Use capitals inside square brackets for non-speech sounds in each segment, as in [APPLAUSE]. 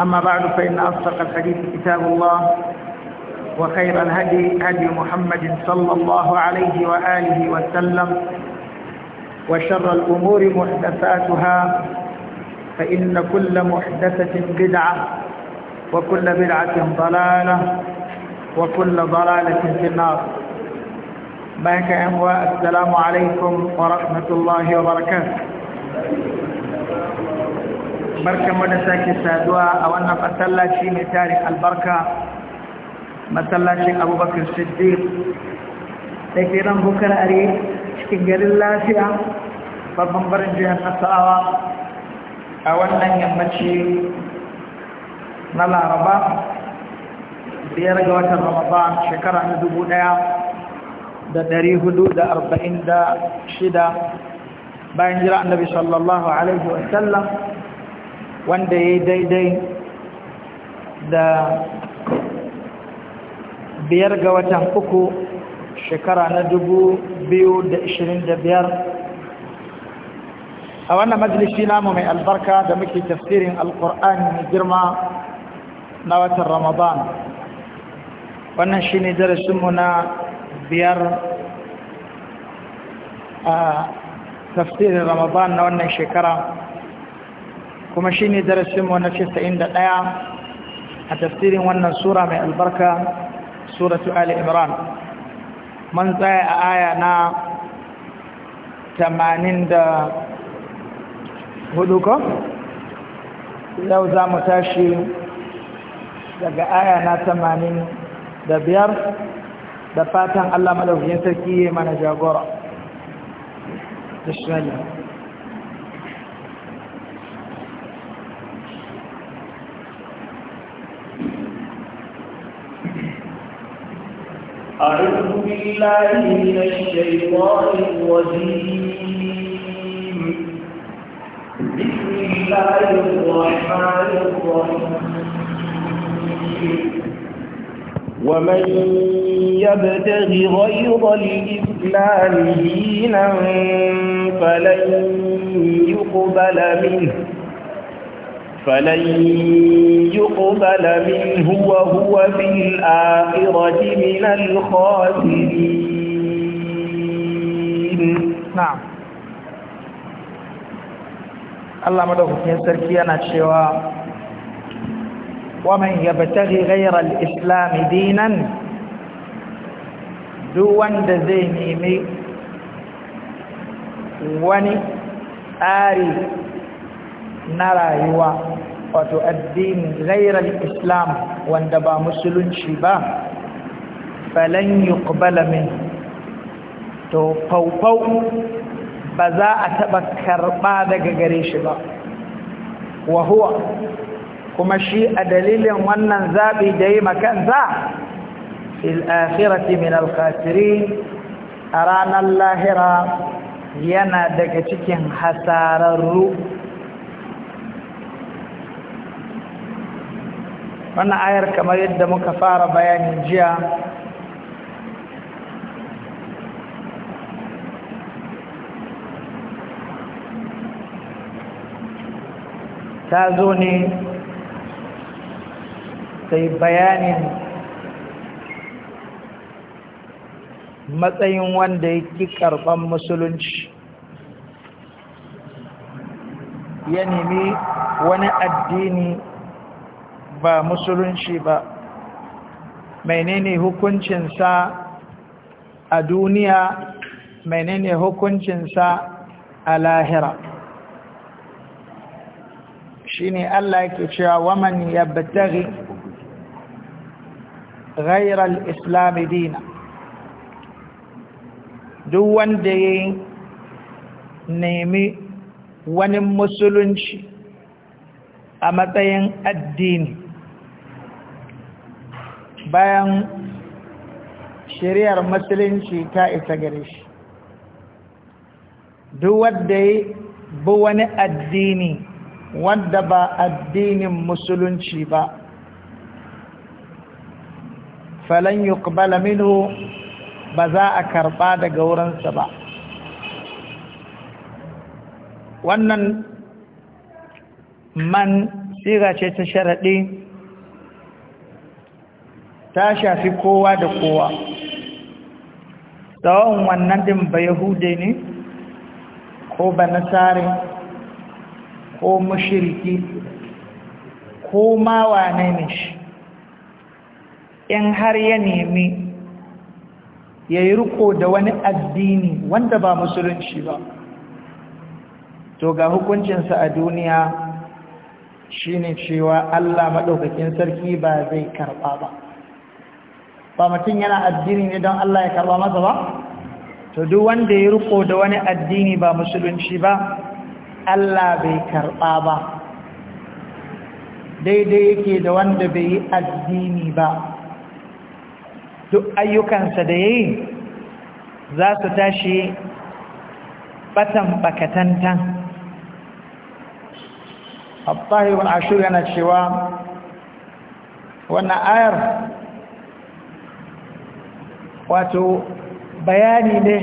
أما بعد فإن أصدق الحديث كتاب الله وخير الهدي هدي محمد صلى الله عليه وآله وسلم وشر الأمور محدثاتها فإن كل محدثة بدعة وكل بدعة ضلالة وكل ضلالة في النار بارك أموى السلام عليكم ورحمة الله وبركاته barkanmu da sake saduwa a wannan masallaci mai tarin albarka masallacin abubakar siddiq da ke nan bukar are cikin garin lafiya babban barin jihar nasarawa a wannan yammaci na laraba biyar ga watan ramaba shekara na dubu daya da dari hudu da arba'in da shida bayan jira annabi sallallahu alaihi wasallam wanda ya daidai da biyar ga watan uku shekara na dubu biyu da ishirin da biyar a wannan majalisi namu mai albarka da muke tafsirin alkur'ani mai girma na watan ramadan wannan shi ne darasinmu na biyar a tafsirin ramadan na wannan shekara kuma shi ne darasinmu na ɗaya a tafsirin wannan sura mai albarka suratu ali imran man tsaya a aya na hudu ko yau za mu tashi daga aya na biyar da fatan allah malaukin sarki mana jagora أعوذ بالله من الشيطان الرجيم بسم الله الرحمن الرحيم ومن يبتغ غير الإسلام دينا فلن يقبل منه فلن يقبل منه وهو في الآخرة من الخاسرين نعم الله مدوكين سركيانا شوا ومن يبتغي غير الإسلام دينا دوان دزيني مي وني آري na rayuwa wato addini ghairal islam wanda ba musulunci ba falan yuqbala min to faufau ba za a taɓa karɓa daga gare shi ba wahuwa kuma shi a dalilin wannan zaɓi da yi makansa fil akhirati min al a ranar lahira yana daga cikin hasararru wannan ayar kamar yadda muka fara bayanin jiya ta zo ne ta yi bayanin matsayin wanda ya ki karɓar musulunci ya nemi wani addini ba musulunci ba menene hukuncinsa a duniya menene hukuncinsa a lahira shine Allah yake cewa waman yabtaghi ghayra al-islam dina duk wanda ya nemi wani musulunci a matsayin addini bayan shari'ar musulunci ta isa gare shi duk wadda ya bi wani addini wadda ba addinin musulunci ba falan yuqbala minhu ba za a karɓa daga wurinsa ba wannan man siga ce ta sharaɗi ta shafi kowa da kowa tsawon wannan din ba yahude ne ko ba nasare ko mashirki ko ma wa ne shi in har ya nemi ya yi riko da wani addini wanda ba musulunci ba to ga hukuncinsa a duniya shine cewa Allah maɗaukakin sarki ba zai karɓa ba ba mutum yana addini ne don Allah ya karba masa ba to duk wanda ya riko da wani addini ba musulunci ba Allah bai karba ba daidai yake da wanda bai yi addini ba duk ayyukansa da yayi za su tashi batan bakatantan abdullahi wani ashur yana cewa wannan ayar wato bayani ne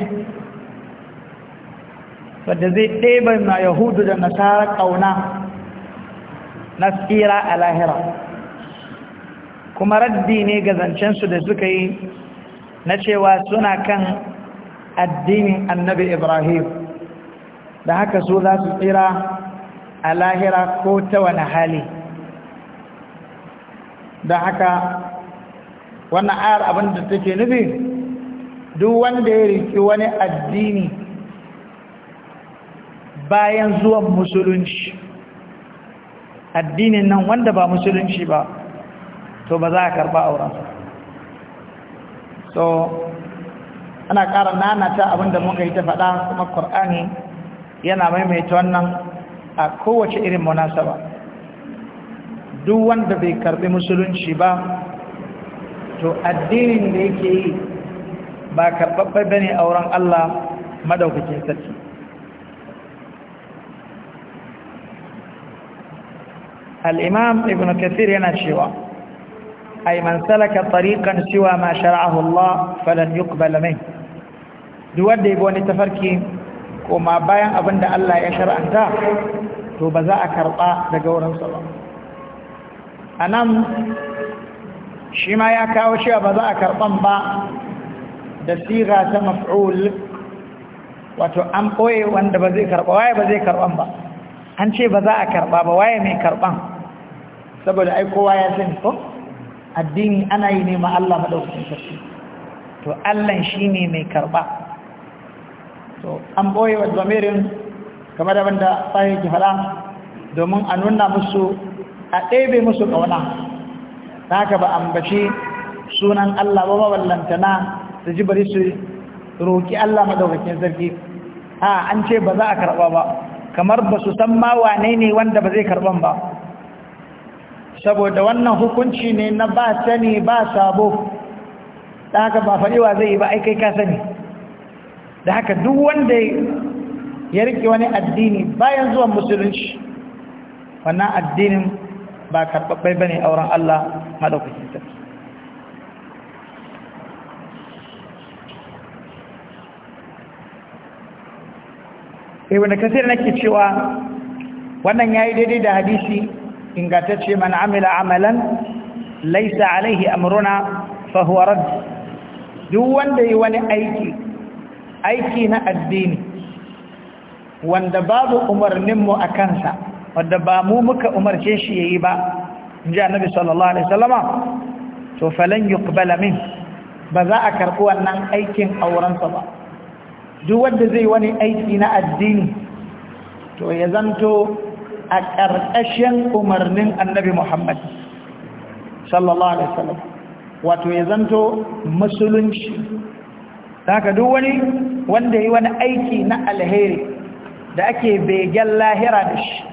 wadda zai ɗeban na yahudu da nasarar ƙauna na tsira a lahira kuma raddi ne ga zancensu da suka yi na cewa suna kan addinin annabi ibrahim da haka su za su tsira a lahira ko ta wani hali da haka wannan ayar abinda take nufi duk wanda ya riki wani addini bayan zuwan musulunci addinin nan wanda ba musulunci ba to ba za a karba aurensa so ana ƙara nanata abinda muka yi ta faɗa kuma ƙor'ani yana maimaita wannan a kowace irin munasaba duk wanda bai karɓi musulunci ba to addinin da yake yi ba karɓaɓɓe bane a auren Allah madaukakin sarki al'imam ibn kathir yana cewa ai man salaka tariqan cewa ma shar'ahu Allah falan duk wanda yabo wani tafarki koma bayan abinda Allah ya shar'anta to ba za a karɓa daga wurinsa ba anan shi ma ya kawo cewa ba za a karɓan ba da siga ta maf'ul wato an ɓoye wanda ba zai karba waye ba zai karɓan ba an ce ba za a karba ba waye mai karban saboda ai kowa ya sani ko addini ana yi ne ma Allah madaukakin sarki to Allah shine mai karɓa to an ɓoye wa zamirin kamar da wanda sai ki fara domin a nuna musu a ɗebe musu ƙauna ta haka ba ambaci sunan Allah ba maballantana su ji bari su roƙi Allah madaukakin sarki a an ce ba za a karɓa ba kamar ba su san ma wane ne wanda ba zai karɓan ba saboda wannan hukunci ne na ba sani ba sabo da haka ba faɗiwa zai yi ba aikai ka sani da haka duk wanda ya riƙe wani addini bayan zuwan musulunci wannan addinin ba karɓaɓɓai ba ne auren Allah madaukakin ibn eh, kasir nake cewa wannan yayi daidai da hadisi ingantacce man amila amalan laisa alaihi amruna fa duk wanda yi wani aiki aiki na addini wanda babu umarnin mu akansa wadda ba mu muka umarce shi yayi ba inji annabi sallallahu alaihi salama to falan yuqbala min ba za a karɓi wannan aikin aurensa ba duk wanda zai wani aiki na addini to ya zanto a ƙarƙashin umarnin annabi Muhammad sallallahu alaihi wasallam wato ya zanto musulunci haka duk wani wanda yi wani aiki na alheri da ake begen lahira da shi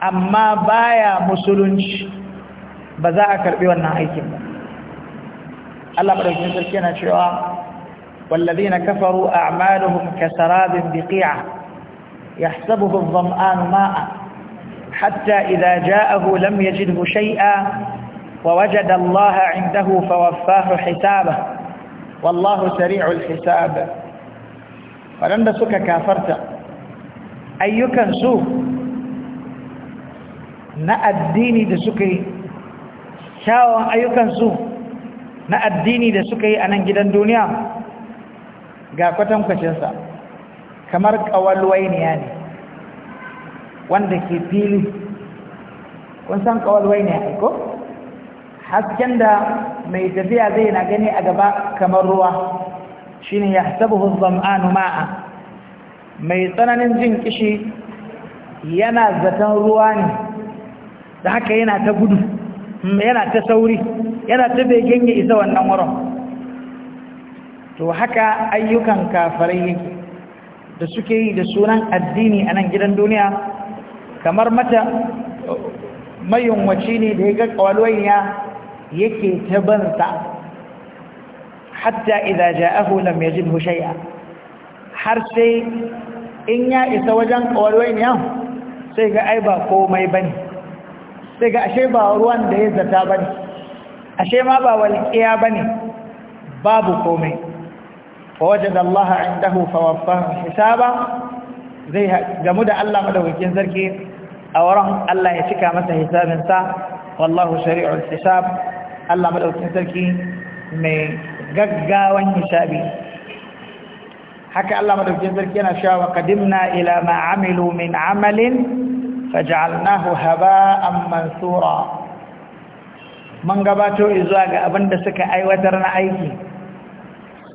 amma baya musulunci ba za a karbi wannan aikin ba Allah madaukakin sarki yana cewa والذين كفروا أعمالهم كسراب بقيعة يحسبه الظمآن ماء حتى إذا جاءه لم يجده شيئا ووجد الله عنده فوفاه حسابه والله سريع الحساب ولم تسك كافرت أيك سوء نا الدين دسكي شاو أيك kyawun نا الدين دسكي أنا جدا دنيا ga kwatankwacinsa kamar ƙawalwainiya ne wanda ke fili kun san ƙawalwainiya ne ko hasken da mai tafiya zai na gani a gaba kamar ruwa shi ne ya sabuhu zam'anu ma'a mai tsananin jin kishi yana zaton ruwa ne da haka yana ta gudu yana ta sauri yana ta begen ya isa wannan wurin to haka ayyukan kafarai da suke yi da sunan addini a nan gidan duniya kamar mata mayunwaci ne da ya ga ƙwalwanya yake ta bansa hatta idan ja'ahu lam yajidhu shay'a har sai in ya isa wajen ƙwalwanya sai ga ai ba komai bane sai ga ashe ba ruwan da ya zata bane ashe ma ba walƙiya bane babu komai فوجد الله عنده فوفاه حسابا zai gamu da Allah madaukakin sarki a wurin Allah ya cika masa hisabinsa wallahu shari'ul hisab Allah madaukakin sarki mai gaggawan hisabi haka Allah madaukakin sarki yana cewa qadimna ila ma amilu min amalin faj'alnahu haba'an mansura man gabato izuwa ga abinda suka aiwatar na aiki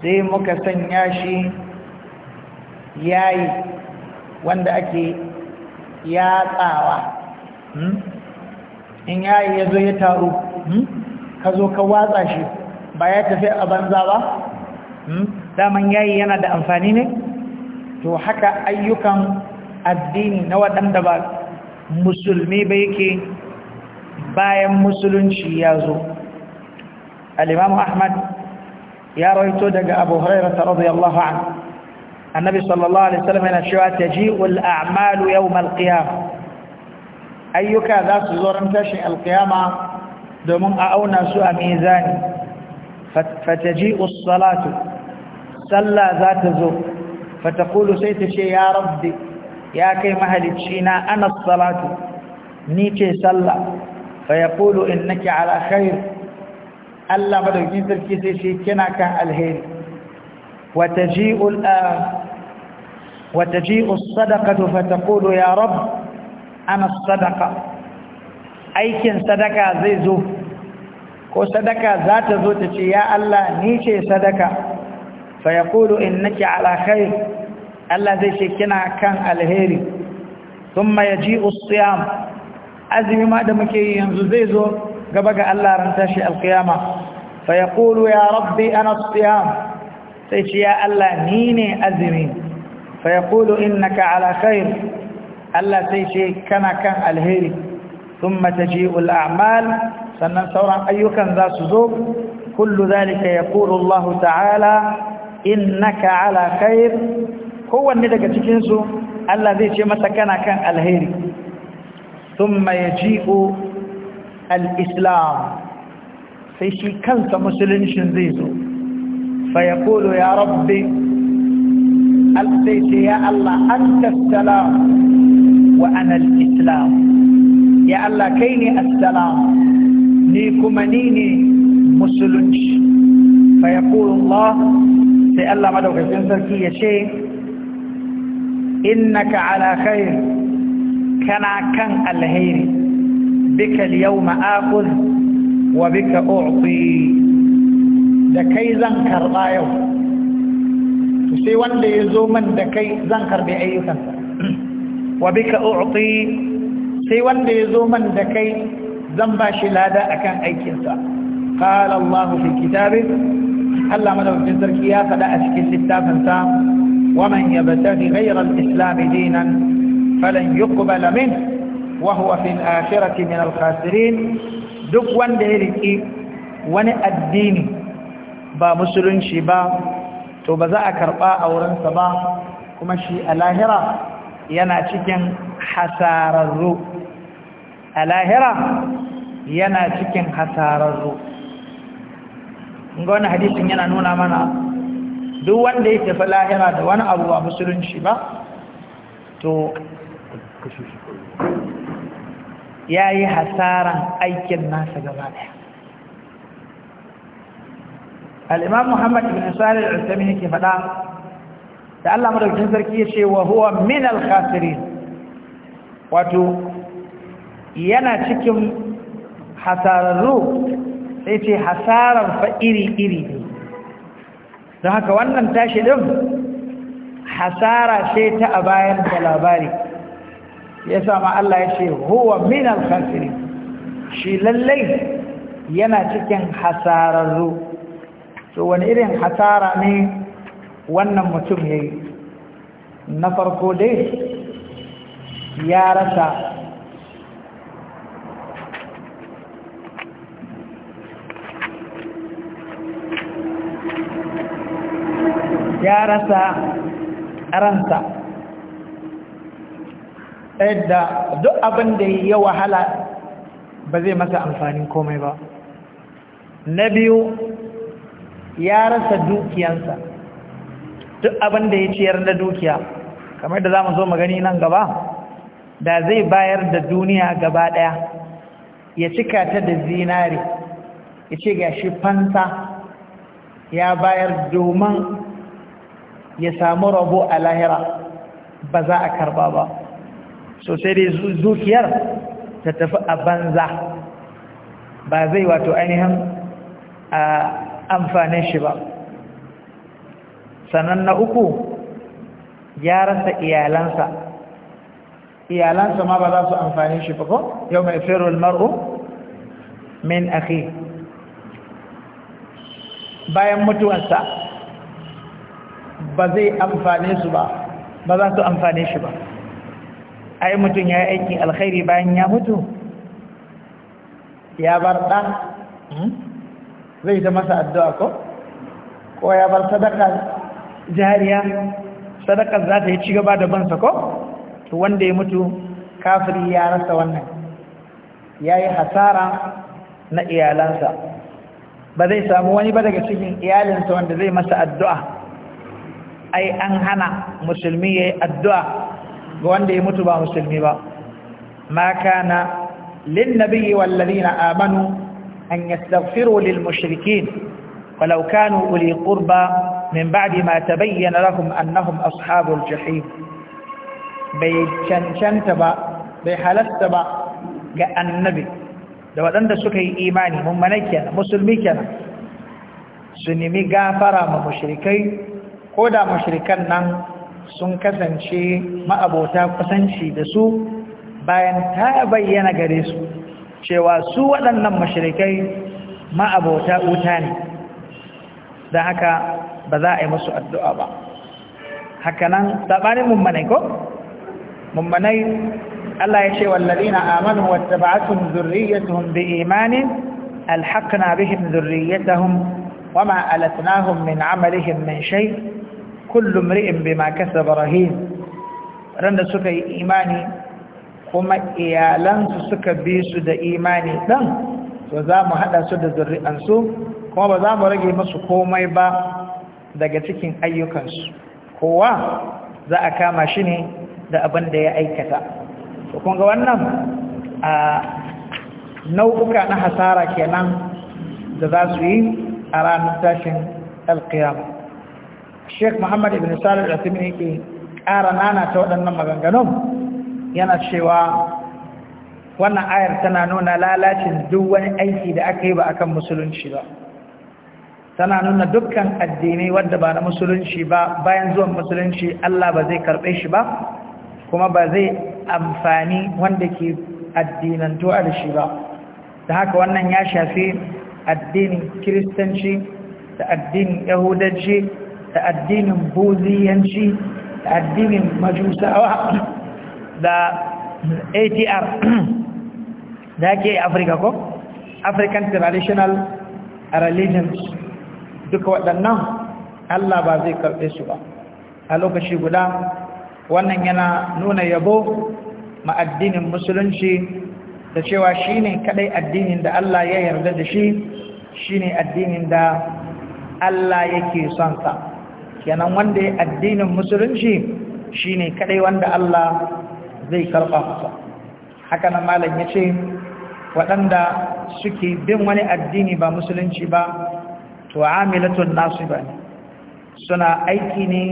sai muka sanya shi yayi wanda ake yatsawa hmm? in yayi ya zo ya taru hmm? ka zo ka watsa shi ba ya tafi a banza ba hmm? daman yayi yana da amfani ne to haka ayyukan addini na waɗanda ba musulmi ba yake bayan musulunci ya zo al'imamu ahmad يا رويت دق أبو هريرة رضي الله عنه النبي صلى الله عليه وسلم إن الشواء تجيء الأعمال يوم القيامة أيك ذا سزور انتشع القيامة دمون أعونا سوء ميزان فتجيء الصلاة صلى ذات زور فتقول سيت شيء يا ربي يا كي مهل تشينا أنا الصلاة نيتي صلى فيقول إنك على خير Allah madaukakin sarki sai shi kina kan alheri wataji'u ah, wataji'u sadaqatu fataqulu ya rab ana sadaqa aikin sadaka zai zo ko sadaka za ta zo ta ce ya Allah ni ce sadaka fa yaqulu innaki ala khair Allah zai ce kina kan alheri thumma yaji'u as-siyam azumi ma da muke yanzu zai zo gaba ga Allah ran tashi alqiyama فيقول يا ربي انا الصيام فيشياء الله نيني اذني فيقول انك على خير الله سيشي كما كان الهير ثم تجيء الاعمال فننصر ايك ذا سذوب كل ذلك يقول الله تعالى انك على خير هو الذي تكنس الذي متى كان كان الهير ثم يجيء الاسلام sai shi kansa musuluncin zai zo fa ya kolo ya rabbi sai ya Allah an tattalam wa anal islam ya Allah kai ne assalam ni kuma ni ne musulunci fa ya kolo Allah sai Allah madaukakin sarki ya ce innaka ala khair kana kan alheri bika al yawma aqul وبك أعطي دكي زنكر غايو تسي وان دي زومن دكي زنكر بأي كنسر وبك أعطي سي وان دي زومن دكي زنباش لادا أكان أي كنسر قال الله في كتابه هلا لو في الزركية فلا أسكي ستا فنسا ومن يبتغي غير الإسلام دينا فلن يقبل منه وهو في الآخرة من الخاسرين duk wanda ya riƙi wani addini ba musulunci ba to ba za a karɓa a wurinsa ba kuma shi a lahira yana cikin hasararru a lahira yana cikin hasararru wani hadisin yana nuna mana duk wanda ya tafi lahira da wani abu ba musulunci ba to ya yi hasaran aikin nasa gaba daya al'imam muhammad ibn salih al'asami ke faɗa da allah madaukin sarki ya ce wa huwa min al-khasirin wato yana cikin hasararru sai ce hasarar fa iri-iri ne don haka wannan tashi ɗin hasara ce ta a bayan da labari ya sama Allah ya ce huwa min al-khasirin shi lallai yana cikin hasararru to wani irin hasara ne wannan mutum yayi na farko dai ya rasa ya rasa ransa yadda duk abin da ya wahala ba zai masa amfanin komai ba na biyu ya rasa dukiyansa duk abin da ya ciyar na dukiya kamar da za mu zo magani nan gaba da zai bayar da duniya gaba ɗaya ya cika ta da zinari ya ce ga shi fanta ya bayar domin ya samu rabo a lahira ba za a karba ba so sai dai dukiyar ta tafi a banza ba zai wato ainihin a amfanin shi ba sannan na uku ya rasa iyalansa iyalansa ma ba za su amfani shi ba ko yau mai firul mar'u min akhi bayan mutuwarsa ba zai amfane su ba ba za su amfane shi ba ai mutum ya aiki aikin alkhairi bayan ya mutu ya bar ɗa hmm? zai ta masa addu'a ko? ko ya bar sadaka jariya sadakar za ta yi ci gaba da bansa ko? to wanda ya mutu kafiri ya rasa wannan ya yi hasara na iyalansa ba zai samu wani ba daga cikin iyalinsa wanda zai masa addu'a ai an hana musulmi ya yi addu'a ga wanda ya mutu ba musulmi ba ma kana lin nabiyyi wal ladina amanu an yastaghfiru lil mushrikeen walau kanu uli qurba min ba'di ma tabayyana lahum annahum ashabul jahim bai cancanta ba bai halasta ba ga annabi da waɗanda suka yi imani mummanai kenan musulmi kenan su nemi gafara ma mushrikai ko da mushrikan nan sun kasance ma'abota kusanci da su bayan ta bayyana gare su cewa su waɗannan mashirikai ma'abota wuta ne da haka ba za a yi musu addu'a ba hakanan saɓanin mummanai ko? mummanai Allah ya ce wallazina amanu bi dhurriyyatuhum biimanin alhaqna bihim dhurriyyatahum wama alatnahum min amalihim min shai? kullum ri'in ma kasaba rahim randa suka yi imani kuma iyalansu suka bi su da imani ɗan to za mu haɗa su da zurri'ansu kuma ba za mu rage masu komai ba daga cikin ayyukansu kowa za a kama shi ne da abin da ya aikata to kun ga wannan a nau'uka na hasara kenan da za su yi a ranar tashin alkiyama Sheikh Muhammad ibn Salih al-Uthaymeen yake ƙara nana ta waɗannan maganganun yana cewa wannan ayar tana nuna lalacin duk wani aiki da aka yi ba akan musulunci ba tana nuna dukkan addinai wadda ba na musulunci ba bayan zuwan musulunci Allah ba zai karɓe shi ba kuma ba zai amfani wanda ke addinanto a shi ba da haka wannan ya shafi addinin kiristanci da addinin yahudanci da addinin buziyanci da addinin majusawa da atr da ke afirka ko african traditional religions duka waɗannan allah ba zai karɓe su ba a lokaci guda wannan yana nuna yabo ma addinin musulunci da cewa shi ne kaɗai addinin da allah ya yarda da shi shi ne addinin da allah yake son sa kenan wanda ya addinin musulunci shi ne kadai wanda Allah zai karɓa haka na malam ya ce waɗanda suke bin wani addini ba musulunci ba to amilatun nasu ba ne suna aiki ne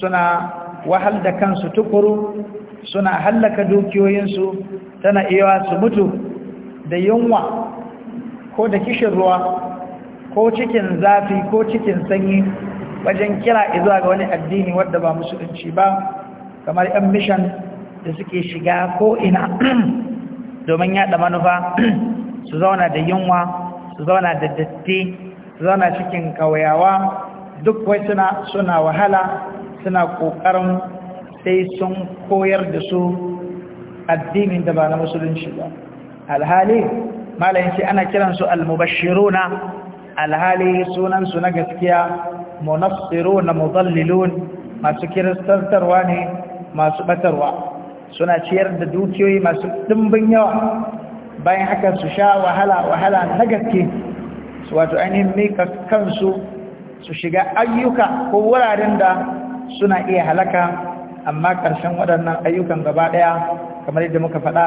suna wahal da kansu tukuru suna hallaka dukiyoyinsu tana iya su mutu da yunwa ko da kishin ruwa ko cikin zafi ko cikin sanyi wajen kira izuwa ga wani addini wadda ba musulunci ba kamar yan mishan da suke shiga ko ina [CLEARS THROAT] domin yada manufa [CLEARS THROAT] su zauna da yunwa su zauna da datti su zauna cikin kawayawa duk wai suna suna wahala suna kokarin sai sun koyar da su addinin da ba na musulunci ba alhali malayin ce ana kiransu almubashiruna alhali sunansu na gaskiya munafsiru na mudallilun masu kiristantarwa ne masu batarwa suna ciyar da dukiyoyi masu dimbin yawa bayan haka su sha wahala wahala na gaske su wato ainihin mika kansu su shiga ayyuka ko wuraren da suna iya halaka amma ƙarshen waɗannan ayyukan gaba ɗaya kamar yadda muka faɗa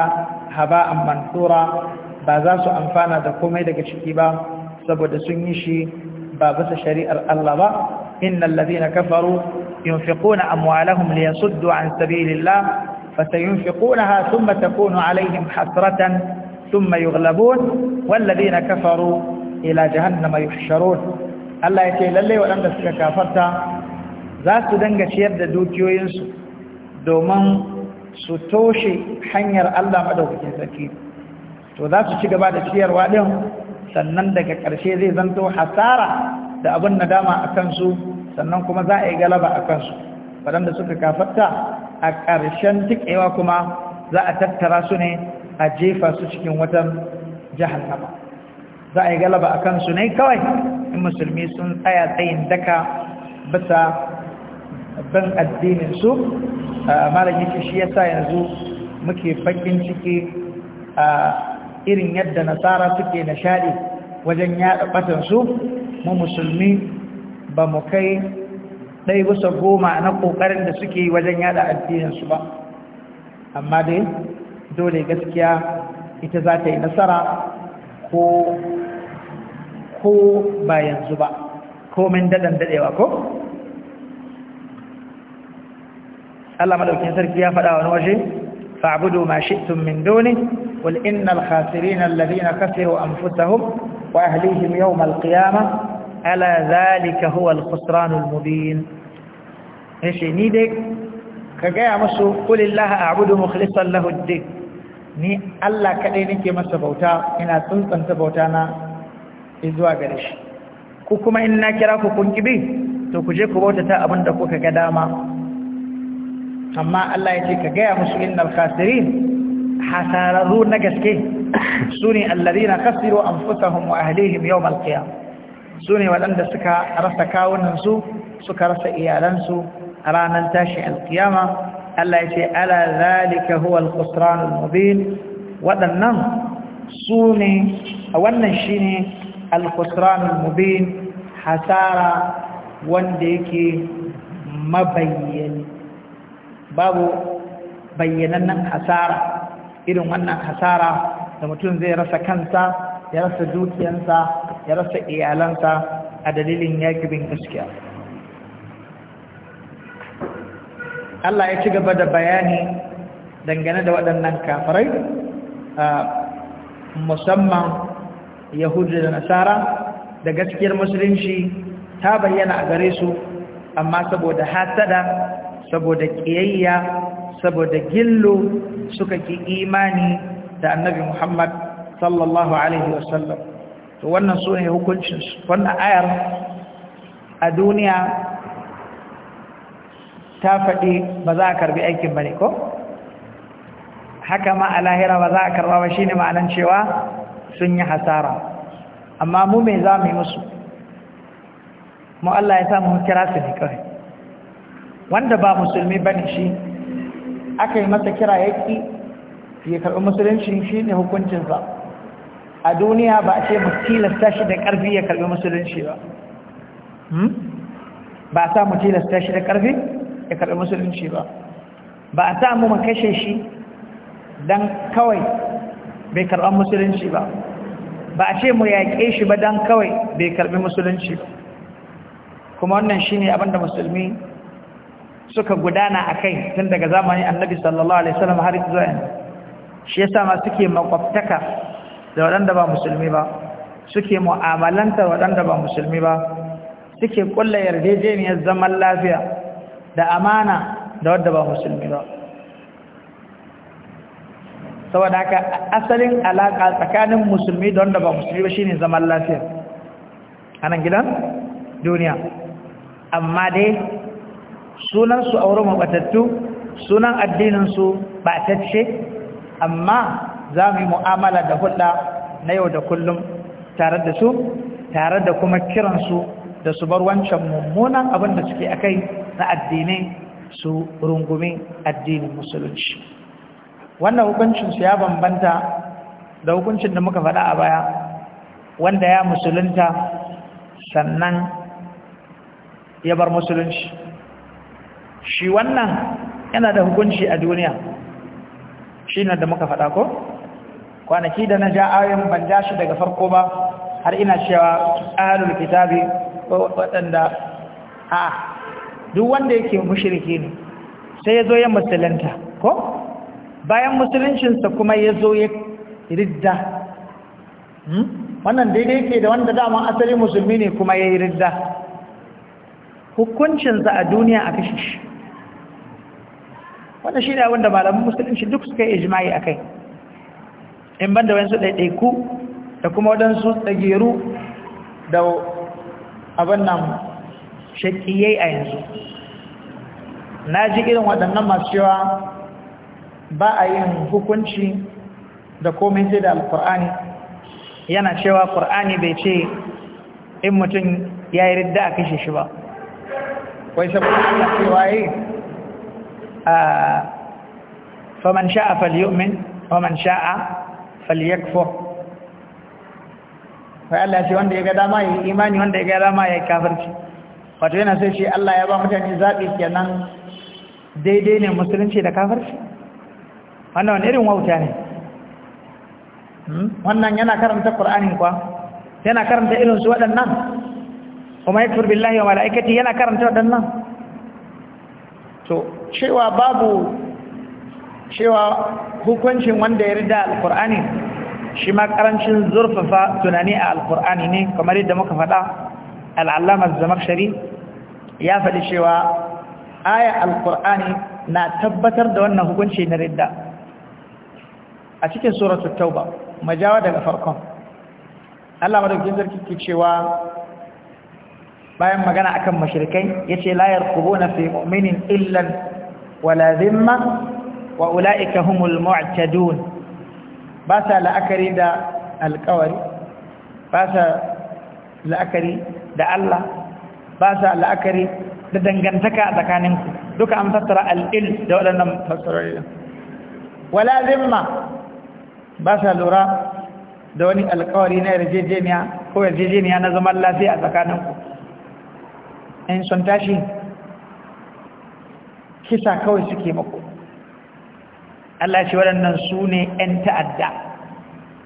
haba an mantura ba za su amfana da komai daga ciki ba saboda sun yi shi ba bisa shari'ar Allah ba innal ladhina kafaru yunfiquna amwalahum liyasuddu an sabilillah فسينفقونها ثم تكون عليهم حسرة ثم يغلبون والذين كفروا إلى جهنم يحشرون الله يتي للي ولم تسك كافرتا ذات دنگا شيرد دوكيو ينسو دومن ستوشي حنير الله مدوك تسكين to za su ci gaba da ciyarwa ɗin sannan daga ƙarshe zai zanto hasara da abin nadama a kansu sannan kuma za a yi galaba a kansu waɗanda suka kafarta a ƙarshen tikewa kuma za a tattara su ne a jefa su cikin watan hama. za a yi galaba a kansu ne kawai in musulmi sun tsaya tsayin daka bisa ban addinin su malam yake shi sa yanzu muke bakin ciki a ah, irin yadda nasara suke nishadi wajen yaɗa batansu mu musulmi ba mu kai ɗai bisa goma na ƙoƙarin da suke wajen yaɗa addininsu ba amma dai dole gaskiya ita za ta yi nasara ko ba yanzu ba komin daɗan daɗewa ko? Allah maɗaukin sarki ya faɗa wani waje fa'abudu ma shi'tun min doni قل إن الخاسرين الذين خسروا أنفسهم وأهليهم يوم القيامة ألا ذلك هو الخسران المبين هشي نيدك كجاي مسو قل الله أعبد مخلصا له الدين ني الله كدينك ما سبوتا إن أنت سبوتانا إذوا قريش كوكما إنا كراك كنكبي تو كجي كبوتا تأبن دكوك كداما أما الله يتي كجاي مسو إن الخاسرين hasararru na gaske su ne an kasiru anfusahum wa ahlihim yau alqiyam su ne waɗanda suka rasa kawunansu suka rasa iyalansu a ranar tashi alkiyama Allah ya ce ala zalika huwa alqusran almubin waɗannan su ne wannan shine alqusran almubin hasara wanda yake mabayyani babu bayyanannen hasara irin wannan hasara da mutum zai rasa kansa ya rasa dukiyansa ya rasa iyalansa a dalilin yaƙi bin gaskiya Allah ya ci gaba da bayani dangane da waɗannan kafirai musamman yahudu da nasara da gaskiyar musulunci ta bayyana a gare su amma saboda hasada saboda ƙiyayya saboda gillo suka ki imani da annabi Muhammad sallallahu alaihi wasallam to wannan sune ne hukuncin wannan ayar a duniya ta faɗi ba za a karbi aikin bane ko haka ma a lahira ba za a karba ba shine ma'anan cewa sun yi hasara amma mu me za mu yi musu mu Allah ya sa mu kira su ne kawai wanda ba musulmi bane shi aka yi masa kira ya ƙi ya karɓi musulunci shi ne hukuncinsa a duniya ba a ce mu tilasta shi da ƙarfi ya karɓi musulunci ba hmm? ba a sa mu tilasta shi da ƙarfi ya karɓi musulunci ba ba a sa mu kashe shi don kawai bai karɓi musulunci ba ba a ce mu yaƙe shi ba don kawai bai karɓi musulunci ba kuma wannan shi ne abinda musulmi suka gudana a kai tun daga zamanin annabi sallallahu alaihi wasallam har zuwa yanzu shi yasa ma suke makwabtaka da waɗanda ba musulmi ba suke da waɗanda ba musulmi ba suke kulla yarjejeniyar zaman lafiya da amana da wadda ba musulmi ba saboda haka asalin alaƙa tsakanin musulmi da wanda ba musulmi ba shine zaman lafiya a nan gidan duniya amma dai sunansu a wurin mabatattu sunan addininsu ce, amma za mu yi mu'amala da hulɗa na yau da kullum tare da su tare da kuma kiransu da su bar wancan mummunan abin da suke a kai na addinai su rungumi addinin musulunci wannan hukuncinsu ya bambanta da hukuncin da muka faɗa a baya wanda ya musulunta sannan ya bar musulunci shi wannan yana da hukunci a duniya shi da muka faɗa ko kwanaki da na ja ayoyin ban ja shi daga farko ba har ina cewa tsarin kitabi waɗanda a duk wanda yake mushriki ne sai ya zo ya musulunta ko bayan musuluncinsa kuma ya zo ya ridda hmm? wannan daidai ke da wanda dama asali musulmi ne kuma ya yi ridda hukuncinsa a duniya a kashe shi wannan shi ne abinda malaman musulunci duk suka yi ijimai a kai in ban da wayansu ɗaiɗaiku da kuma waɗansu tsageru da abin nan shaƙiyai a yanzu na ji irin waɗannan masu cewa ba a yin hukunci da komai sai da alƙur'ani yana cewa ƙur'ani bai ce in mutum ya yi ridda a kashe shi ba wai saboda cewa yi eh, faman sha'a falyu'min waman sha'a falyakfur fa Allah shi wanda ya ga dama ya imani wanda ya ga dama ya kafirci wato yana sai shi Allah ya ba mutane zabi kenan daidai ne musulunci da kafirci wannan wani irin wauta ne wannan yana karanta Qur'anin kwa yana karanta irin su waɗannan kuma yakfur billahi wa malaikati yana karanta waɗannan to cewa babu cewa hukuncin wanda ya rida alkur'ani shi ma karancin zurfafa tunani a alkur'ani ne kamar yadda muka faɗa al'allama zamakshari ya faɗi cewa aya alkur'ani na tabbatar da wannan hukunci na ridda a cikin suratun tauba majawa daga farkon Allah da sarki ke cewa bayan magana akan mashirikai yace la yarqubuna fi mu'minin illa wala zimma wa ulaika humul mu'tadun ba sa la'akari da alƙawari ba sa la'akari da Allah ba sa la'akari da dangantaka tsakanin ku duka an fassara al-il da waɗannan fassarori wala zimma ba sa lura da wani alƙawari na yarjejeniya ko yarjejeniya na zaman lafiya tsakaninku in sun tashi kisa kawai suke mako Allah ce waɗannan su ne ‘yan ta'adda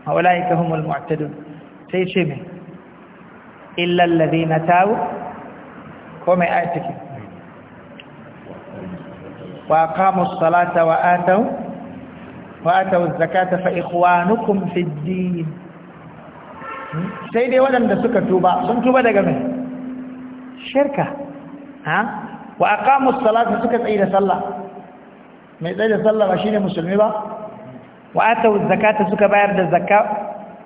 a wala'i ka humul mu'attadun sai ce mai illallabe na tawo ko mai aitiki wa kamus salata wa atau wa atau zakata fa ikwanukum fi din hmm? sai dai waɗanda suka tuba sun tuba daga mai shirka ha wa aqamu as-salata suka tsaya da sallah mai tsaya da sallah ba shine musulmi ba wa atu zakata suka bayar da zakka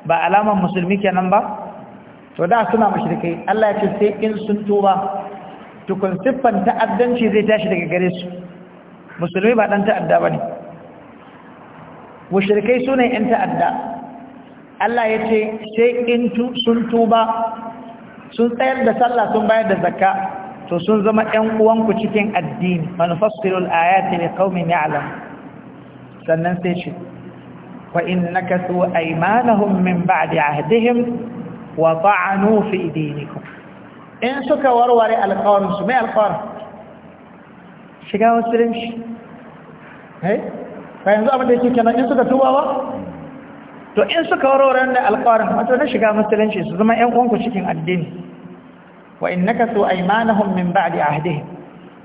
ba alaman musulmi kenan ba to da suna mushrikai Allah ya ce sai in sun tuba kun siffan ta'addanci zai tashi daga gare su musulmi ba dan ta'adda bane mushrikai sune yan ta'adda Allah ya ce sai in sun tuba sun tsayar da sallah sun bayar da zakka to sun zama ɗan uwanku cikin addini manufassilul ayati liqaumin ya'lam sannan sai shi wa innaka su aymanahum min ba'di ahdihim wa ta'anu fi dinikum in suka warware alƙawarin su mai alƙawarin shiga musulunci eh yanzu zuwa da yake kenan in suka tuba ba to in suka warware da alƙawarin wato na shiga musulunci su zama ƴan uwanku cikin addini wa innaka su aymanahum min ba'di ahdihim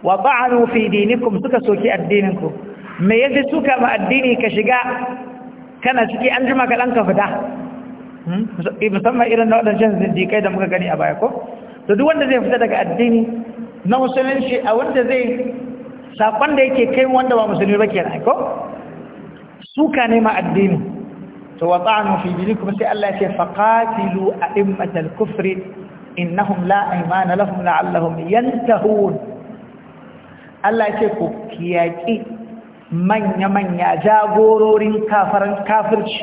wa ba'alu fi dinikum suka soki addininku me yaji suka ma addini ka shiga kana ciki an jima ka dan ka fita hmm? musamman irin na waɗancan zindikai da muka gani a baya ko to duk wanda zai fita daga addini na musulunci a wanda zai sakon da yake kai wanda ba musulmi ba kenan ko suka ne ma addini tawata'nu fi dinikum sai Allah yake faqatilu a'immatal kufri innahum la aymana lahum la'allahum yantahun Allah yake ku kiyaki manya manya jagororin kafaran kafirci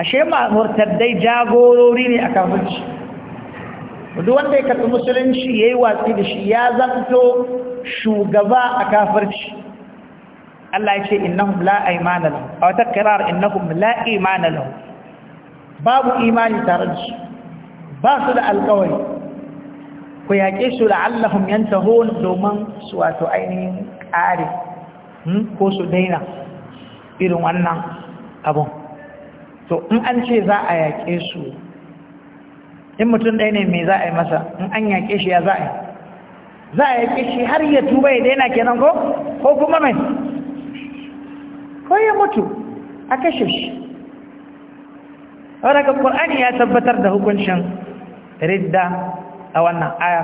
ashe ma murtaddai jagorori ne a kafirci duk wanda ya karbi musulunci yayi watsi da shi ya zanto shugaba a kafirci Allah ya ce innahum la aymana lahum aw takrar innahum la imana lahum babu imani tare su ba su da alƙawari ku yaƙe su la'allahum yantahun domin su wato ainihin ƙare hmm, ko su daina irin wannan abun to in an ce za a yaƙe su in mutum ɗaya ne me za a yi masa in an yaƙe shi ya za a yi za a yaƙe shi har ya tuba ya daina kenan ko ko kuma mai ko ya mutu a kashe shi wadda ƙur'ani ya tabbatar da hukuncin ridda a wannan aya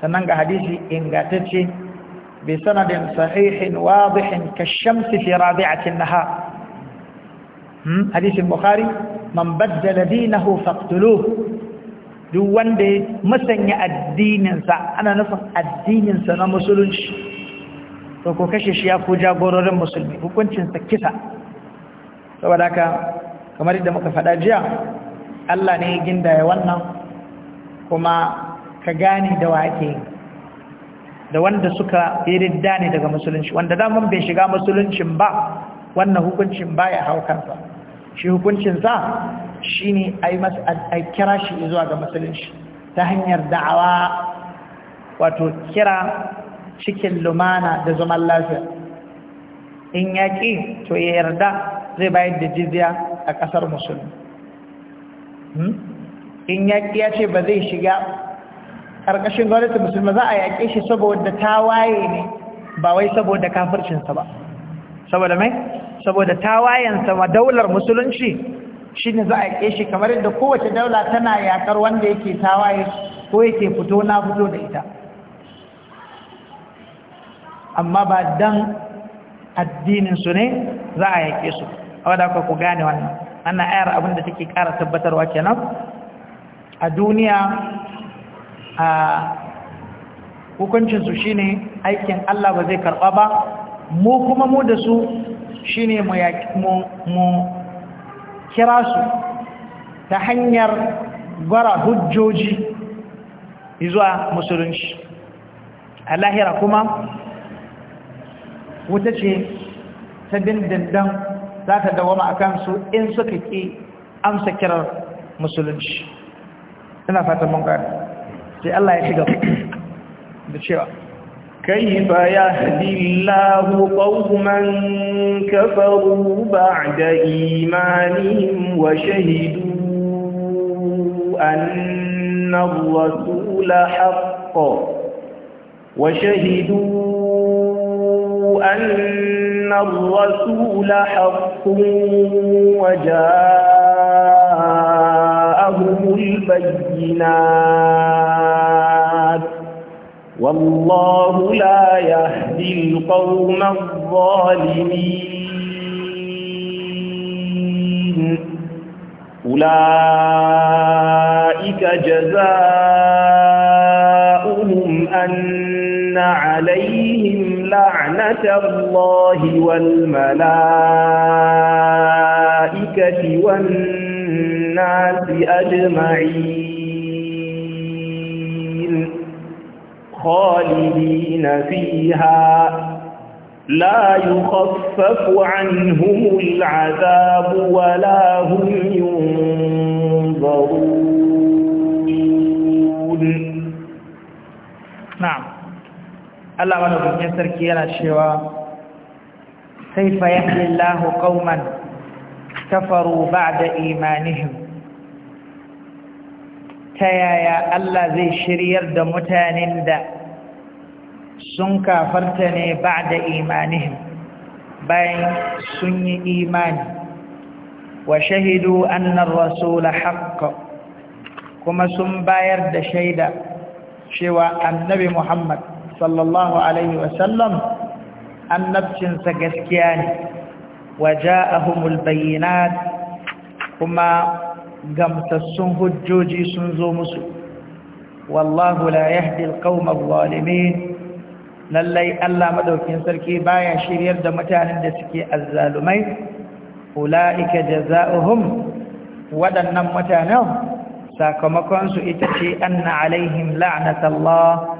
sannan ga hadisi ingatacce bi sanadin sahihin wadihin kashamsi fi rabi'atin nahar hmm? hadisin bukhari man baddala dinahu faqtuluhu duk wanda ya musanya addininsa ana nufin addininsa na musulunci to ko kashe shi ya ko jagororin musulmi hukuncinsa kisa saboda haka kamar yadda muka faɗa jiya Allah ne ya gindaya wannan kuma ka gane da wa ake da wanda suka ridda ne daga musulunci wanda daman bai shiga musuluncin ba wannan hukuncin ba ya hau kansa shi hukuncinsa shi ne a kira shi zuwa ga musulunci ta hanyar da'awa wato kira cikin lumana da zaman lafiya in ya ƙi to ya yarda zai bayar da jizya a ƙasar musulmi hmm? in ya ƙi ya ce ba zai shiga ƙarƙashin gwamnati musulmi za a yaƙe shi saboda tawaye ne ba wai saboda kafircinsa ba saboda mai saboda tawayensa wa daular musulunci shi ne za a yaƙe shi kamar yadda kowace daula tana yaƙar wanda yake tawaye ko yake fito na fito da ita amma ba dan addininsu ne za a yake su wadda aka ku gane wannan ana ayar abinda take kara tabbatarwa kenan a duniya a hukuncinsu shine aikin Allah ba zai karɓa ba mu kuma mu da su shine mu kira su ta hanyar gwara hujjoji zuwa musulunci a lahira kuma wuta ce ta dindindan za ta dawama a kan su in suka ke amsa kirar musulunci ina fata mun ƙari sai Allah ya shiga da cewa kai ba ya halillahu ƙauman kafaru ba da imanin wa shahidu annar wasu la haƙƙo wa shahidu أن الرسول حق وجاءهم البينات والله لا يهدي القوم الظالمين أولئك جزاء أتى الله والملائكة والناس أجمعين خالدين فيها لا يخفف عنهم العذاب ولا هم ينظرون Allah madaukakin sarki yana cewa kaifa yahdi Allahu qauman kafaru ba'da imanihim ta yaya Allah zai shiryar da mutanen da sun kafarta ne ba'da imanihim bayan sun yi imani wa shahidu anna ar-rasula haqqo kuma sun bayar da shaida cewa annabi Muhammad sallallahu alaihi wasallam annabcinsa gaskiya ne waja'ahumul bayyinat kuma gamsassun hujjoji sun zo musu wallahu la yahdi alqawma lallai Allah madaukin sarki baya shiryar da mutanen da suke azzalumai ulaika jazaohum waɗannan mutanen sakamakon su ita ce anna alaihim la'natallah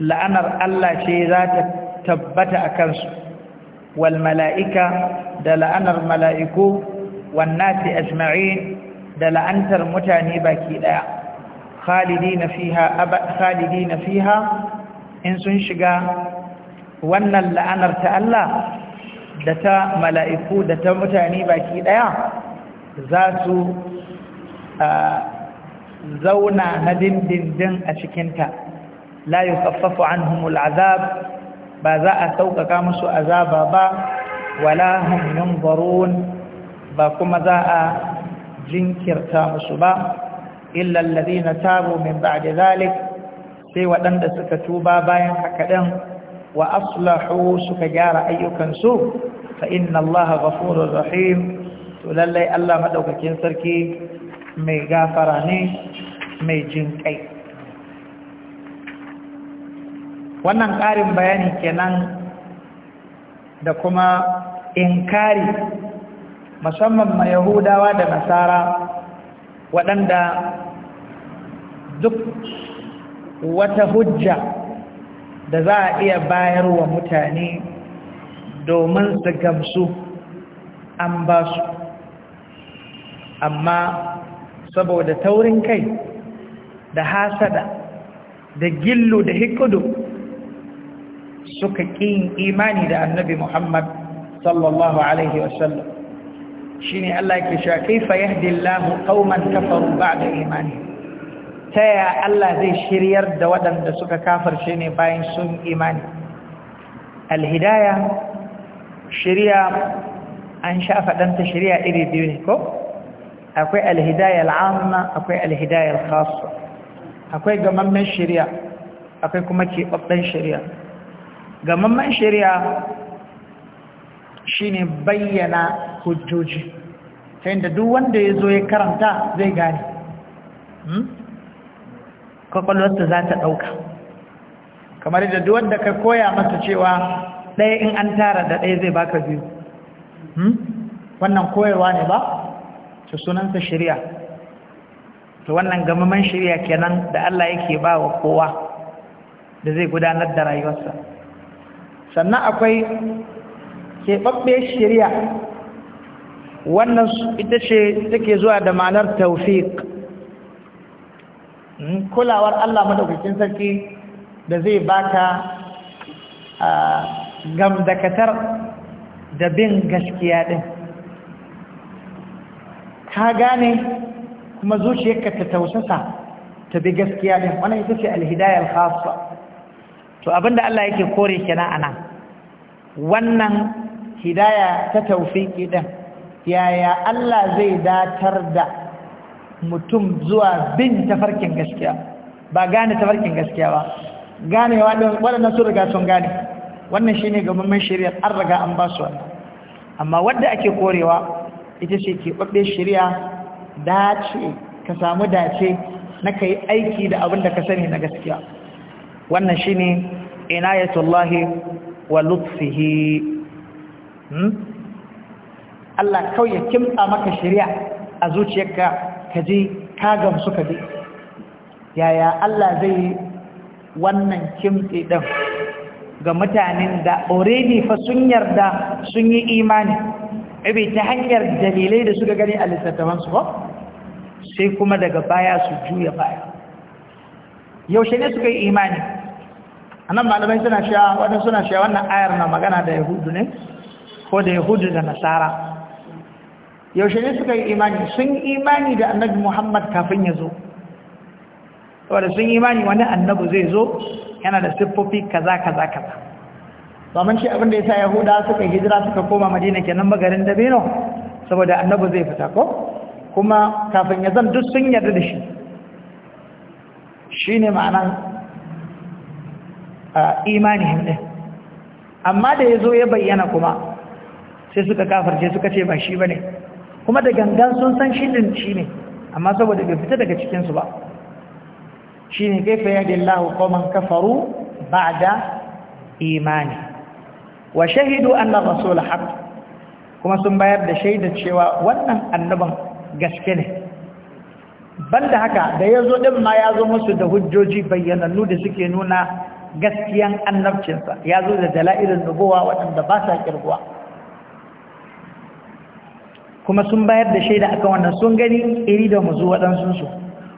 la'anar Allah ce za ta tabbata a kansu wal mala'ika da la'anar mala'iku wan nasi ajma'in da la'antar mutane baki daya khalidina fiha aba khalidina fiha in sun shiga wannan la'anar ta Allah da ta mala'iku da ta mutane baki daya za su zauna na dindindin a cikinta la yukaffafu anhum al'azab ba za a sauƙaƙa musu azaba ba wala hum yunzarun ba kuma za a jinkirta musu ba illa alladhina tabu min ba'di dhalik sai waɗanda suka tuba bayan haka din wa aslahu suka gyara ayyukansu fa inna allaha ghafurur rahim to lallai Allah madaukakin sarki mai gafara ne mai jinkai wannan ƙarin bayani kenan da kuma inkari musamman ma yahudawa da nasara waɗanda duk wata hujja da za a iya bayar wa mutane domin su gamsu an ba su amma saboda taurin kai da hasada da gillu da hikudu suka ƙin imani da annabi Muhammad sallallahu Alaihi wa sallam shine Allah ke sha kaifa yahdi Allah qauman kafaru ba'da imani ta yaya Allah zai shiryar da waɗanda suka kafarce ne bayan sun imani alhidaya shiriya an sha faɗanta shiriya iri biyu ne ko akwai alhidaya al'amma akwai alhidaya al-khassa akwai gamammen shiriya akwai kuma keɓaɓɓen shiriya gamamman shari'a shine bayyana hujjoji ta yadda duk wanda ya zo ya karanta zai gane hmm? kwakwalwarsa za ta ɗauka kamar da duk wanda ka koya masa cewa ɗaya in an tara da ɗaya zai baka biyu hmm? wannan koyarwa ne ba ta sunansa shari'a ta wannan gamamman shari'a kenan da Allah yake ba wa kowa da zai gudanar da rayuwarsa sannan akwai keɓaɓɓe shirya wannan ita ce take zuwa da ma'anar taufiq hmm, kulawar Allah madaukakin sarki da zai baka gamdakatar da bin gaskiya din ka gane kuma zuciyarka ta tausasa ta bi gaskiya din wannan ita ce alhidayar khassa to abinda Allah yake kore kenan anan wannan hidaya ta tawfiki din yaya Allah zai datar da mutum zuwa bin tafarkin gaskiya ba gane tafarkin gaskiya ba ganewa din wadannan sun riga sun gane wannan shine gaban shari'a an riga an ba su wannan amma wadda ake korewa ita ce ke babbe shari'a dace ka samu dace na kai aiki da abinda ka sani na gaskiya wannan shine inayatullahi wa lutfihi hmm? Allah kawai ya kimtsa maka shari'a a zuciyarka ka ji ka gamsu ka bi yaya Allah zai wannan kimtsi din ga mutanen da already fa sun yarda sun yi imani ebe ta hanyar dalilai da suka gani a su ba sai kuma daga baya su juya baya yaushe ne suka yi imani anan malamai suna sha wadan suna sha wannan ayar na magana da yahudu ne ko da yahudu da nasara yaushe ne suka yi imani sun imani da annabi muhammad kafin ya zo saboda sun imani wani annabi zai zo yana da siffofi kaza kaza kaza domin shi abinda ya sa yahuda suka hijira suka koma madina kenan magarin dabino saboda annabi zai fita ko kuma kafin ya zan duk sun yarda da shi shine ma'anan imanihim din amma da yazo ya bayyana kuma sai suka kafarce suka ce ba shi bane kuma da gangan sun san shi din shi ne amma saboda bai fita daga cikin su ba shine kaifa yadillahu qauman kafaru ba'da imani wa shahidu anna rasul haq kuma sun bayar da shaida cewa wannan annaban gaske ne banda haka da yazo din ma ya zo musu da hujjoji bayyanannu da suke nuna gaskiyan annabcinsa ya zo da dala'irin nubuwa waɗanda ba sa ƙirguwa kuma sun bayar da shaida akan wannan sun gani iri da muzu waɗansunsu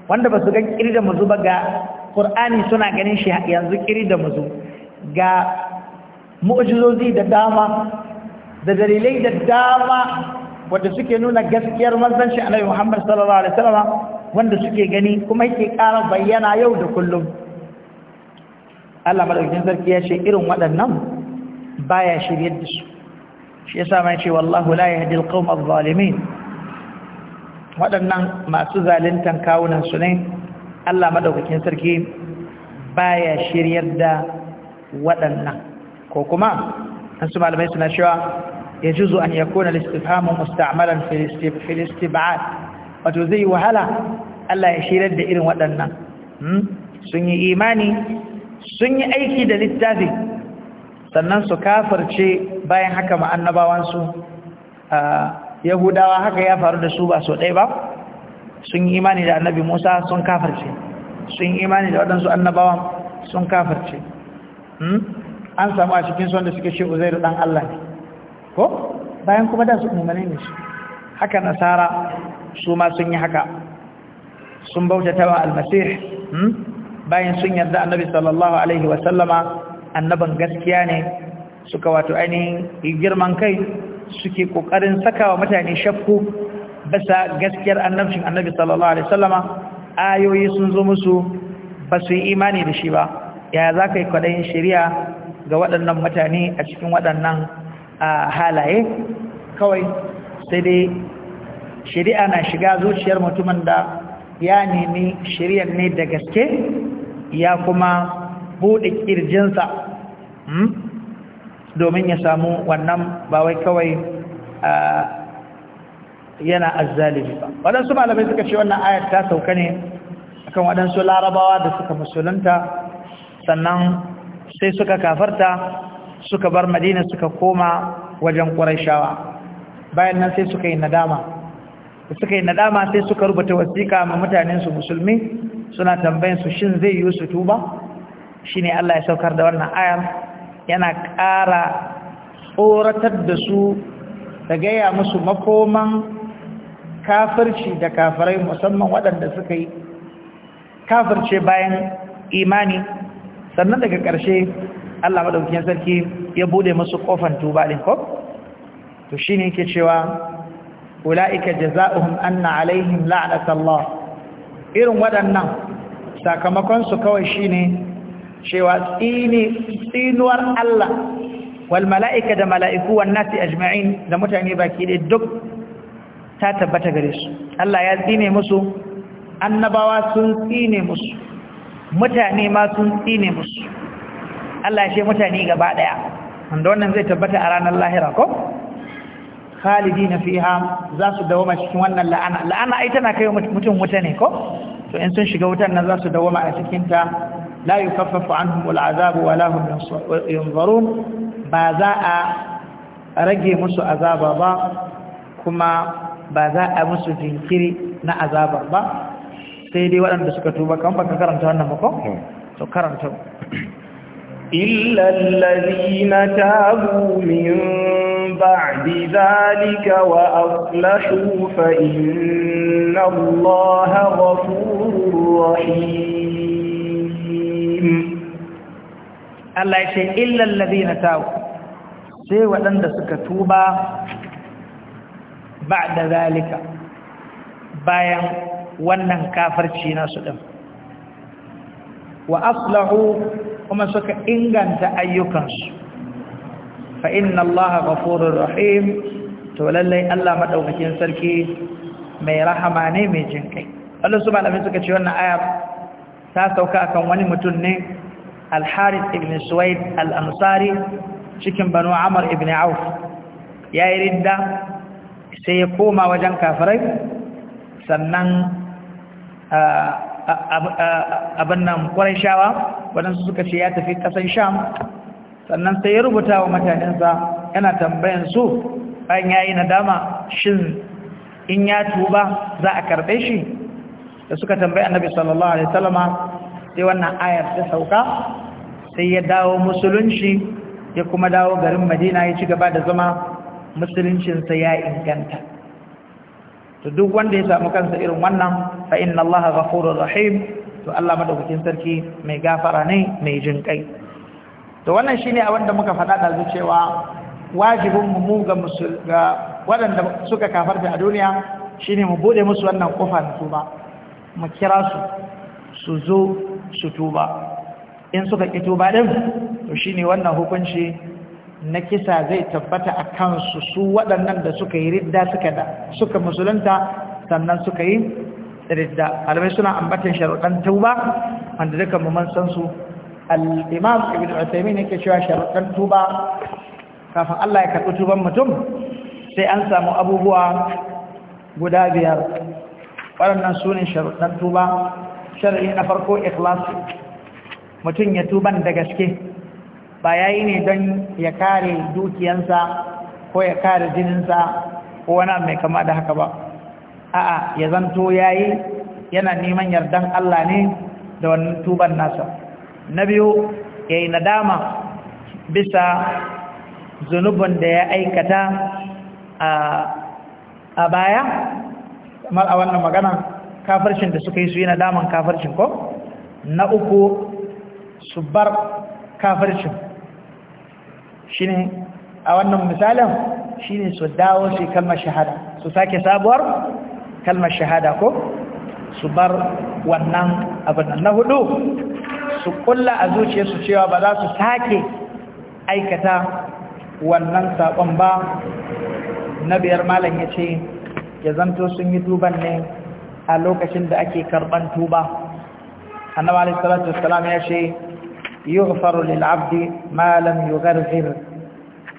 wanda ba su gan iri da muzu ba ga ƙur'ani suna ganin shi yanzu iri da muzu ga mu'ujizozi da dama da dalilai da dama wadda suke nuna gaskiyar shi annabi Muhammad sallallahu alaihi wasallam wanda suke gani kuma yake ƙara bayyana yau da kullum Allah madaukakin sarki ya ce irin waɗannan baya shiryar da su shi ya yasa mai ce wallahu la yahdi alqawm adh-dhalimin waɗannan masu zaluntan kawunan su ne Allah madaukakin sarki baya shiryar da waɗannan ko kuma an su malamai suna cewa يجوز أن يكون الاستفهام مستعملا في الاستبعاد وتزي وهلا ألا يشير الدئر ودنا سني إيماني sun yi aiki da littafi sannan su kafirce bayan haka ma annabawansu yahudawa haka ya faru da su ba so ɗai ba sun yi imani da annabi musa sun kafirce sun yi imani da waɗansu annabawan sun kafarce hmm? an samu a cikin son da suke ce uzairu dan allah ne ko bayan kuma da su mummane ne su haka nasara su ma sun yi haka sun bautata wa almasih hmm? bayan sun yarda annabi sallallahu alaihi wa sallama annaban gaskiya ne suka wato ainihin girman kai suke kokarin sakawa mutane shakku bisa gaskiyar annabcin annabi sallallahu alaihi wa sallama ayoyi sun zo musu ba su yi imani da shi ba ya za ka yi kwaɗayin shari'a ga waɗannan mutane a cikin waɗannan halaye kawai sai dai shari'a na shiga zuciyar mutumin da ya nemi shari'ar ne da gaske ya kuma buɗe ƙirjinsa hmm? domin ya samu wannan ba wai kawai yana azzalimi ba waɗansu malamai suka ce wannan ayar ta sauka ne akan waɗansu larabawa da suka musulunta sannan sai suka kafarta suka bar madina suka koma wajen ƙurashawa bayan nan sai suka yi nadama suka yi nadama sai suka rubuta wasiƙa ma mutanen musulmi suna tambayinsu shin zai yi su tuba Shin Allah ya saukar da wannan ayar yana ƙara tsoratar da su da gaya musu makoman kafirci da kafirai musamman waɗanda suka yi kafirce bayan imani sannan daga ƙarshe Allah madaukakin sarki ya bude musu ƙofan tuba din ko to ne yake cewa ulaika jazaohum anna alaihim la'adatallah irin waɗannan sakamakonsu kawai shine cewa tsinuwar Allah wal mala'ika da mala'iku wan nasi ajma'in da mutane baki ke duk ta tabbata gare su Allah ya tsine musu annabawa sun tsine musu mutane ma sun tsine musu Allah ya ce mutane gaba ɗaya. wanda wannan zai tabbata a ranar lahira ko khalidina fiha za su dawama cikin wannan la'ana la'ana ai tana kai mutum wuta ne ko to in sun shiga wutan nan za su dawama a cikin ta la yukaffafu anhum al'azab wa la yunzarun ba za a rage musu azaba ba kuma ba za a musu jinkiri na azabar ba sai dai waɗanda suka tuba kan baka karanta wannan ba ko hmm. to karanta illallazina tabu min ba'di zalika wa aslahu fa inna allaha ghafurur rahim Allah yace illallazina tabu sai wadanda suka tuba ba'da zalika bayan wannan kafirci nasu din wa aslahu kuma suka inganta ayyukansu fa inna Allah ghafurur rahim to lallai Allah madaukakin sarki mai rahama ne mai jin kai Allah su malamin suka ce wannan aya ta sauka akan wani mutum ne Al-Harith ibn Suwaid Al-Ansari cikin Banu Amr ibn Auf yayi ridda sai ya koma wajen kafirai sannan ah, abin nan kwarai shawa waɗansu suka ce ya tafi ƙasar sham sannan sai ya rubuta wa mutanensa yana tambayan su bayan ya yi nadama shin in ya tuba za a karɓe shi da suka tambayi annabi sallallahu alaihi salama sai wannan ayar ta sauka sai ya dawo musulunci ya kuma dawo garin madina ya ci gaba da zama musuluncinsa ya inganta to duk wanda ya samu kansa irin wannan fa inna allaha ghafurur rahim to Allah madaukakin sarki mai gafara ne mai jin kai to wannan shine abin da muka faɗa da cewa wajibin mu ga musulga waɗanda suka kafarta a duniya shine mu bude musu wannan kofa na tuba mu kira su su zo su tuba in suka ki tuba din to shine wannan hukunci na kisa zai tabbata a kansu su waɗannan da suka yi ridda suka da suka musulunta sannan suka yi ridda alamai suna ambatan sharuɗan tuba wanda duka mu san su al-imam ibn ne ke cewa sharuɗan tuba kafin Allah ya karɓi tuban mutum sai an samu abubuwa guda biyar waɗannan sunan sharuɗan tuba shar'i na farko ikhlas mutum ya tuban da gaske ba ya yi ne don ya kare dukiyansa ko ya kare jininsa ko wani mai kama da haka ba a'a ya zanto ya yi yana neman yardan Allah ne da wannan tuban nasa na biyu ya yi nadama bisa zunubin da ya aikata a baya kamar a wannan magana kafircin da suka yi su yi nadaman kafircin ko na uku su bar kafircin shine a wannan misalin shine su dawo su kalmar shahada su sake sabuwar kalmar shahada ko su bar wannan abin na hudu su kulla a zuciyarsu cewa ba za su sake aikata wannan saƙon ba na biyar malam ya ce ya zanto sun yi duban ne a lokacin da ake karban tuba annabi sallallahu alaihi wasallam ya ce yughfaru lil abdi ma lam yughfir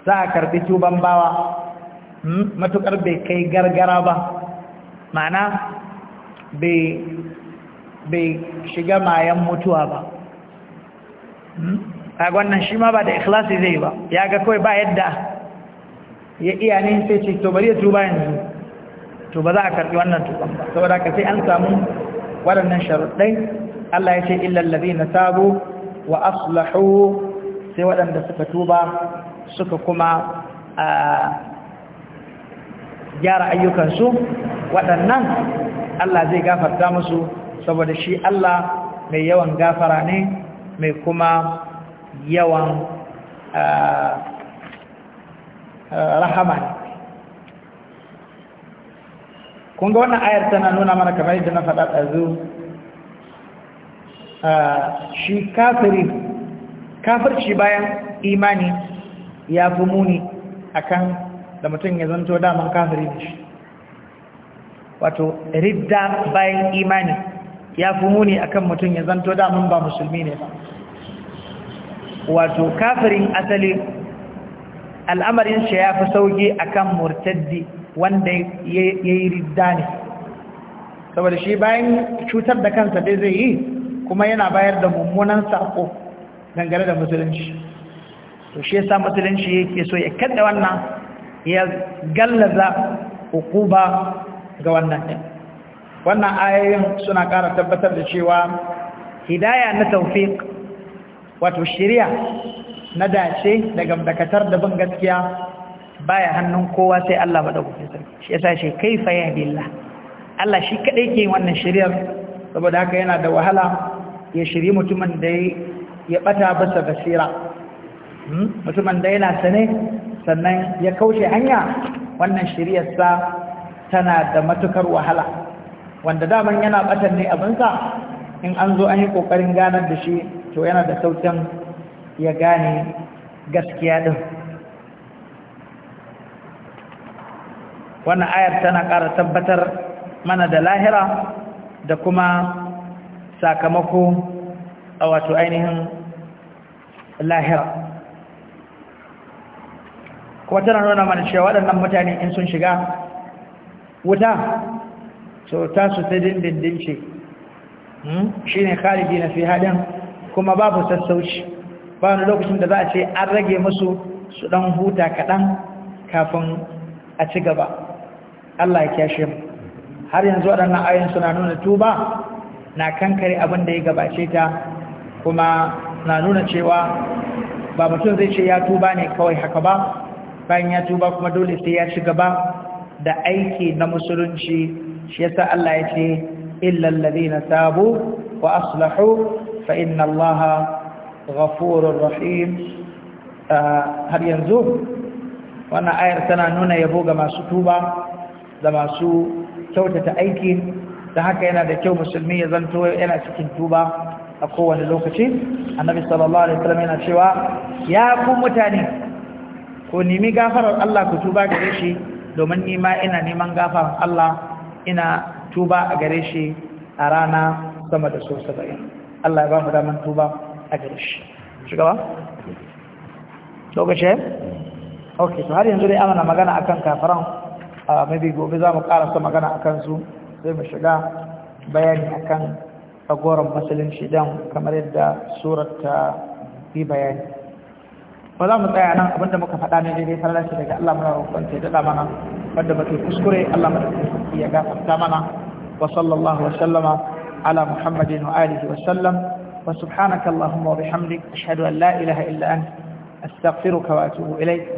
za a karbi tuban bawa hmm, matukar bai kai gargara ba ma'ana bai shiga mayan mutuwa ba hmm, a wannan shi ma ba da ikhlasi zai ba ya ga kawai ba yadda ya iya ne sai ce to bari ya tuba yanzu to ba za a karbi wannan tuban ba saboda ka sai an samu waɗannan sharuɗai Allah ya ce illal ladina tabu wa aslahu sai waɗanda suka tuba suka kuma gyara ayyukansu waɗannan Allah zai gafarta musu saboda shi Allah mai yawan gafara ne mai kuma yawan rahama kun ga wannan ayar tana nuna mana kamar yadda na faɗa ɗazu shi kafiri kafirci bayan imani ya fi muni akan da mutum ya zanto daman kafiri da shi wato ridda bayan imani ya fi muni akan mutum ya zanto daman ba musulmi ne ba wato kafirin asali al'amarin shi ya fi sauki akan murtaddi wanda ya yi ridda ne saboda shi bayan cutar da kansa dai zai yi kuma yana bayar da mummunan sako dangane da musulunci to shi yasa musulunci yake so ya kada wannan ya gallaza hukuba ga wannan din wannan ayoyin suna ƙara tabbatar da cewa hidaya na tawfiq wato shari'a na dace daga dakatar da bin gaskiya baya hannun kowa sai Allah madaukakin sarki shi yasa shi kaifa billah Allah shi kadai ke wannan shari'ar saboda haka yana da wahala ya shiri mutumin da ya bata basa basira hmm? mutumin da yana sane sannan ya kaushe hanya wannan shiriyarsa tana da matukar wahala wanda daman yana batan ne abinsa in an zo an yi kokarin ganar da shi to yana da saukin ya gane gaskiya din wannan ayar tana ƙara tabbatar mana da lahira da kuma sakamako a wato ainihin lahira kuma tana nuna mana cewa waɗannan mutane in sun shiga wuta so ta su ta dindindin ce hmm? shi ne khalidi na fi haɗin kuma babu sassauci ba wani lokacin da za a ce an rage musu su ɗan huta kaɗan kafin a ci gaba Allah ya kyashe mu har yanzu waɗannan ayin suna nuna tuba na kankare abin da ya gabace ta kuma na nuna cewa ba mutum zai ce ya tuba ne kawai haka ba bayan ya tuba kuma dole sai ya ci gaba da aiki na musulunci shi yasa Allah ya ce illal ladina tabu wa aslahu fa inna Allaha ghafurur rahim har yanzu wannan ayar tana nuna yabo ga masu tuba da masu kyautata aiki da haka yana da kyau musulmi ya zanto yana cikin tuba a kowane lokaci annabi sallallahu alaihi wasallam yana cewa ya ku mutane ko nemi gafarar Allah ku tuba gare shi domin ni ma ina neman gafarar Allah ina tuba a gare shi a rana sama da so 70 Allah ya ba mu daman tuba a gare shi shugaba lokaci okay to har yanzu dai amana magana akan kafaran a mabi gobe za mu karasa magana a kansu sai mu shiga bayani a kan tsagoron musulunci shidan kamar yadda surata yi bayani ba za mu tsaya nan abinda muka faɗa ne daidai farlashi daga Allah mara rukun ta daɗa mana wadda ba kuskure Allah muna kuskure ya gafarta mana wa sallallahu wa sallama ala muhammadin wa alihi wa sallam wa subhanaka allahumma wa bihamdik ashhadu an la ilaha illa anta astaghfiruka wa atubu ilayk